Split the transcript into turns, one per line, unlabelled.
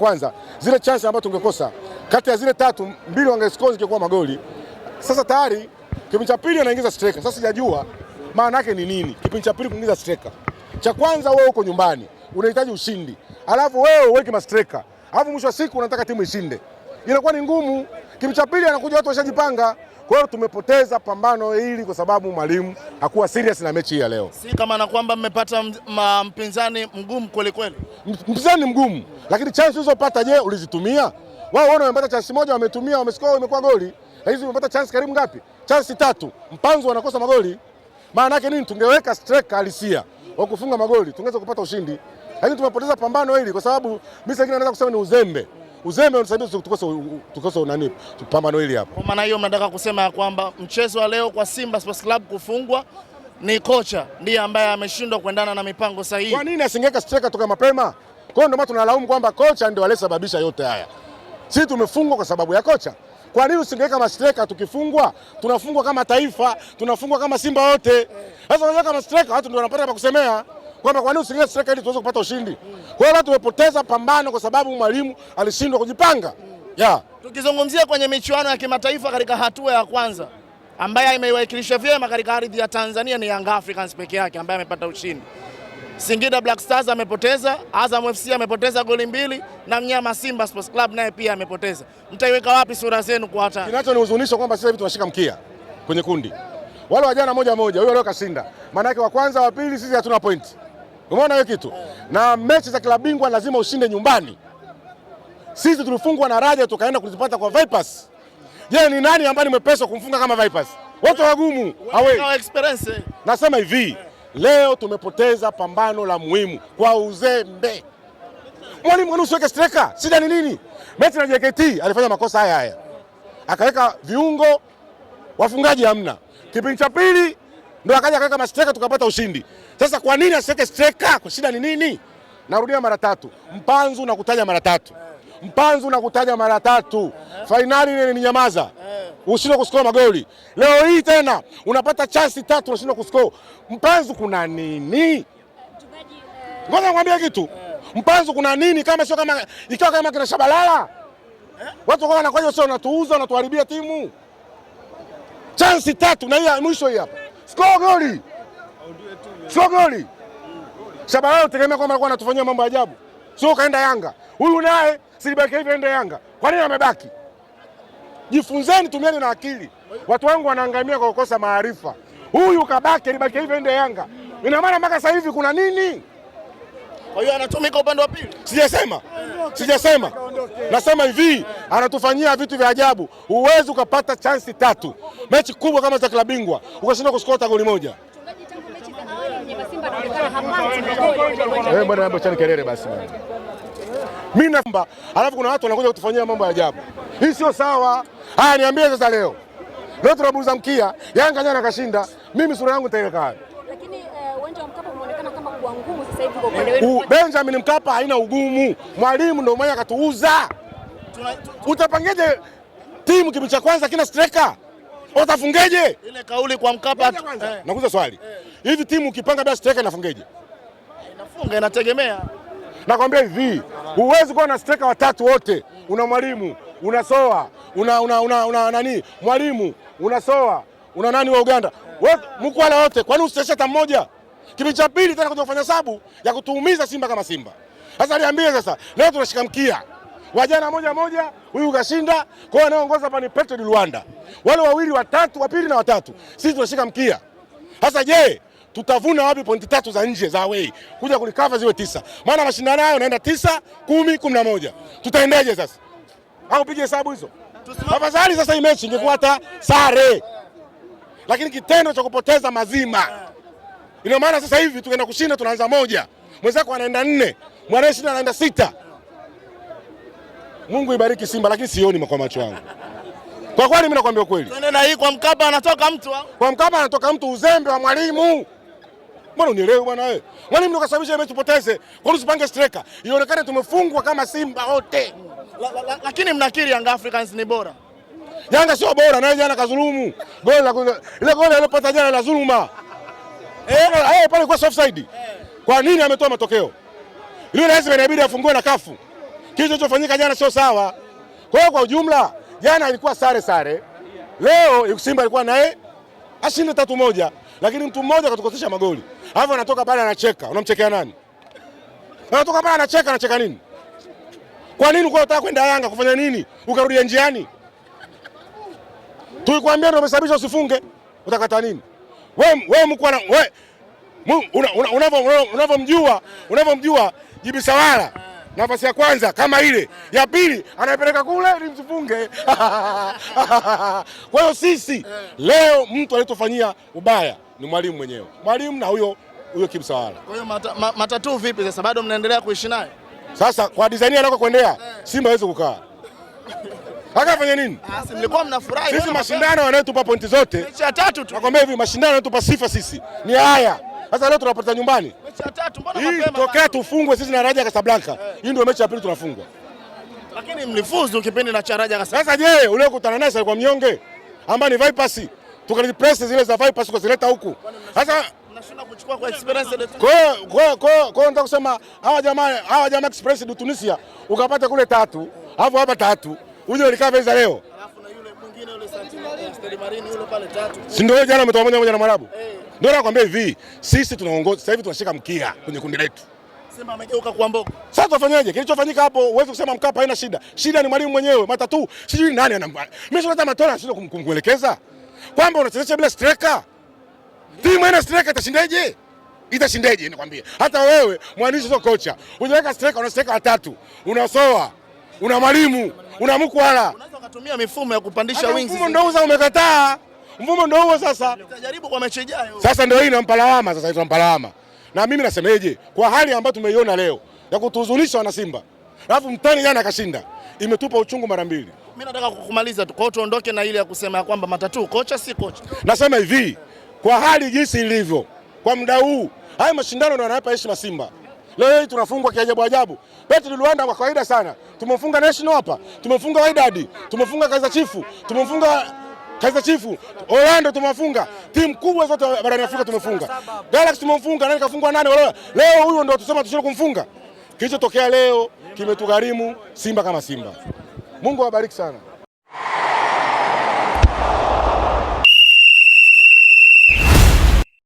kwanza zile chance ambazo tungekosa kati ya zile tatu mbili wangescore zingekuwa magoli. Sasa tayari kipindi cha pili anaingiza striker. Sasa sijajua maana yake ni nini kipindi cha pili kuingiza striker. Cha kwanza wewe uko nyumbani unahitaji ushindi, alafu wewe uweke mastreka, alafu mwisho wa siku unataka timu ishinde, inakuwa ni ngumu. Kipindi cha pili anakuja watu washajipanga. Kwa hiyo tumepoteza pambano hili kwa sababu mwalimu hakuwa serious na mechi hii ya leo.
Si kama na kwamba mmepata mpinzani mgumu kweli kweli.
Mpinzani mgumu, lakini chance ulizopata je, ulizitumia? Wao wao wamepata chance moja wametumia, wamescore imekuwa goli. Na hizi umepata chance karibu ngapi? Chance tatu. Mpanzo anakosa magoli. Maana yake nini? Tungeweka striker halisia wa kufunga magoli, tungeweza kupata ushindi. Lakini tumepoteza pambano hili kwa sababu mimi sasa naweza kusema ni uzembe uzembe unasababisha tukose tukose nani pambano hili hapa.
Kwa maana hiyo mnataka kusema ya kwamba mchezo wa leo kwa Simba Sports Club kufungwa ni kocha ndiye ambaye ameshindwa kuendana na mipango sahihi.
Kwa nini asingeka streka toka mapema? Kwa hiyo ndio maana tunalaumu kwamba kocha ndio aliyesababisha yote haya. Sisi tumefungwa kwa sababu ya kocha. Kwa nini usingeweka mastreka? Tukifungwa tunafungwa kama taifa, tunafungwa kama Simba wote. Sasa unaweka mastreka, watu ndio wanapata pa kusemea kwamba kwa nini usiingie strike ili tuweze kupata ushindi. Kwa hiyo tumepoteza pambano kwa sababu mwalimu alishindwa kujipanga. Yeah.
Tukizungumzia kwenye michuano ya kimataifa katika hatua ya kwanza ambaye ameiwakilisha vyema katika ardhi ya Tanzania ni Young Africans peke yake ambaye amepata ushindi. Singida Black Stars amepoteza, Azam FC amepoteza goli mbili na mnyama Simba Sports Club naye pia amepoteza. Mtaiweka wapi sura zenu kwa hata?
Kinachonihuzunisha kwamba sasa hivi tunashika mkia kwenye kundi. Wale wajana moja moja, huyo leo kashinda. Maana yake wa kwanza wa pili sisi hatuna point. Umeona hiyo kitu? Na mechi za klabu bingwa lazima ushinde nyumbani. Sisi tulifungwa na Raja tukaenda kuzipata kwa Vipers. Je, ni nani ambaye nimepeswa kumfunga kama Vipers? Wote wagumu. Hawe. Experience. Nasema hivi, leo tumepoteza pambano la muhimu kwa uzembe. Mwalimu anusu usiweke striker? Shida ni nini? Mechi na JKT alifanya makosa haya haya. Akaweka viungo wafungaji hamna. Kipindi cha pili ndio akaja akaweka mastreka tukapata ushindi. Sasa kwa nini asiweke streka? Kwa shida ni nini? Narudia mara tatu, mpanzu na mara tatu, mpanzu na mara tatu. Fainali ile ni nyamaza, ushindwe kuskoa magoli. Leo hii tena unapata chansi tatu, unashindwa kuskoa. Mpanzu kuna nini? Ngoja nikwambie kitu, mpanzu kuna nini? kama sio kama ikiwa kama kina Shabalala watu kwa wanakuja, sio wanatuuza, wanatuharibia timu. Chansi tatu na hii mwisho hii hapa score goli, sio goli. Shabalala utegemea kwamba alikuwa anatufanyia mambo ajabu, sio? Kaenda Yanga huyu naye silibaki hivi, aende Yanga. Kwa nini amebaki? Jifunzeni, tumieni na akili. Watu wangu wanaangamia kwa kukosa maarifa. Huyu kabaki, alibaki hivi, aende Yanga. Ina maana mpaka sasa hivi kuna nini?
Kwa hiyo anatumika upande wa pili.
Sijasema, sijasema, nasema hivi anatufanyia vitu vya ajabu. Huwezi ukapata chansi tatu mechi kubwa kama za klabu bingwa ukashindwa kuskota goli moja. Bwana chani kelele basi mimi naomba, alafu kuna watu wanakuja kutufanyia mambo ya ajabu. Hii sio sawa. Haya, niambie sasa, leo leo tunaburuza mkia, Yanga jana akashinda, mimi sura yangu nitaiweka U, Benjamin Mkapa haina ugumu, mwalimu ndio mwenye akatuuza. Utapangeje timu kipindi cha kwanza kina striker utafungeje?
Ile kauli kwa Mkapa eh.
Nakuza swali eh. hivi Timu ukipanga bila striker inafungeje?
Inafunga, inategemea.
Nakwambia hivi huwezi kuwa na striker watatu wote, una mwalimu soa, una, una, una, una nani mwalimu soa, una nani wa Uganda eh. Mko wote, kwani usitesha hata mmoja? kipindi cha pili tena kuja kufanya hesabu ya kutuumiza Simba kama Simba. Sasa niambie sasa, leo tunashika mkia wajana moja moja, huyu kashinda. Kwa hiyo anaongoza hapa ni Petro di Luanda, wale wawili watatu, wa pili na watatu, sisi tunashika mkia. Sasa je, tutavuna wapi pointi tatu za nje za away kuja kulikava ziwe tisa? Maana mashindano hayo naenda tisa, kumi, kumi na moja. Tutaendaje sasa? Au pige hesabu hizo. Afadhali sasa hii mechi ingekuwa hata sare, lakini kitendo cha kupoteza mazima Ina maana sasa hivi tukaenda kushinda tunaanza moja, mwenzako anaenda nne, mwanayeshinda anaenda sita. Mungu ibariki Simba, lakini sioni kwa macho yangu kwa kweli, mimi nakwambia kweli.
Tunaenda hii kwa Mkapa anatoka mtu,
kwa Mkapa anatoka mtu, uzembe wa mwalimu. Mbona unielewi bwana wewe? Mwalimu ndio kasababisha mechi poteze. Kwa nini usipange striker? Ionekane tumefungwa kama Simba wote.
La, la, la, lakini mnakiri Young Africans ni bora.
Yanga sio bora, naye jana kazulumu. Goli la ile goli alilopata jana la dhuluma. Eh, eh, eh, eh, pale kwa offside. Kwa nini ametoa matokeo? Ile lazima inabidi afungue na kafu. Kile kilichofanyika jana sio sawa. Kwa hiyo kwa ujumla jana ilikuwa sare sare. Leo Simba alikuwa naye ashinde tatu moja, lakini mtu mmoja akatukosesha magoli. Alafu anatoka pale anacheka. Unamchekea nani? Anatoka pale anacheka, anacheka nini? Kwa nini ulikuwa unataka kwenda Yanga kufanya nini? Ukarudia njiani. Tulikwambia ndio umesababisha usifunge. Utakata nini? wewe mko na wewe unavyomjua unavyomjua Jibi Sawala nafasi ya kwanza kama ile ya pili anapeleka kule ili msifunge. Kwa hiyo sisi leo mtu aliyotufanyia ubaya ni mwalimu mwenyewe, mwalimu na huyo huyo Kibu Sawala. Kwa
hiyo mata, ma, matatu vipi sasa, bado mnaendelea kuishi naye?
Sasa kwa design anako kuendea eh. Simba hawezi kukaa akafanya nini?
Ah, mlikuwa mnafurahi
sisi, mashindano yanayotupa pointi zote, mechi ya tatu tu. Nakwambia hivi mashindano yanatupa sifa sisi ni haya sasa leo tunapata nyumbani mechi ya tatu, mbona mapema Hii tokea tufungwe sisi na Raja Casablanca Hii ndio mechi ya pili tunafungwa,
lakini mlifuzu kipindi na cha Raja Casablanca.
Sasa je, ule uliokutana naye alikuwa mnyonge amba ni Vipers, tukazipress zile za Vipers kuzileta huku. Sasa mnashinda kuchukua kwa experience de kwa kwa kwa, nataka kusema hawa jamaa hawa jamaa Express du Tunisia ukapata kule tatu, alafu hapa tatu uje ulikaa pesa leo. Alafu na yule mwingine yule Stade Marine yule pale tatu. Si ndio jana umetoa moja moja na Mwarabu? Eh. Ndio nakwambia hivi, sisi tunaongoza sasa hivi tunashika mkia kwenye kundi letu.
Sema amegeuka kwa mbogo.
Sasa tufanyaje? Kilichofanyika hapo uwezo kusema Mkapa haina shida. Shida ni mwalimu mwenyewe, matatu. Sijui nani ana. Mimi sio hata Matola sio kumkuelekeza. Kwamba unachezesha bila striker. Timu ina striker itashindaje? Itashindaje nikwambie? Hata wewe mwandishi sio kocha. Unaweka striker, una striker watatu. Unasoa una mwalimu, una mkwala, unaweza
kutumia mifumo ya kupandisha wings.
Mfumo ndio uza umekataa, mfumo ndio huo. Sasa Tutajaribu kwa mechi ijayo. Sasa ndio hii inampa lawama, sasa inampa lawama. Na mimi nasemeje, kwa hali ambayo tumeiona leo ya kutuhuzunisha wana Simba, alafu mtani jana akashinda, imetupa uchungu mara mbili.
Mimi nataka kukumaliza tu, kwa hiyo tuondoke na ile ya kusema ya kwamba matatu kocha si kocha.
Nasema hivi kwa hali jinsi ilivyo kwa muda huu, haya mashindano ndio yanayopa heshima Simba. Leo hii tunafungwa kiajabu ajabu. Petro Luanda kwa kawaida sana tumemfunga National hapa, tumemfunga Wydad, tumemfunga Kaizer Chiefs, tumemfunga Kaizer Chiefs, Orlando tumewafunga, timu kubwa zote barani Afrika tumefunga. Galaxy tumemfunga, nani kafungwa nani wala. Leo huyo ndio tusema tushindwe kumfunga. Kilichotokea leo kimetugharimu Simba kama Simba. Mungu awabariki sana.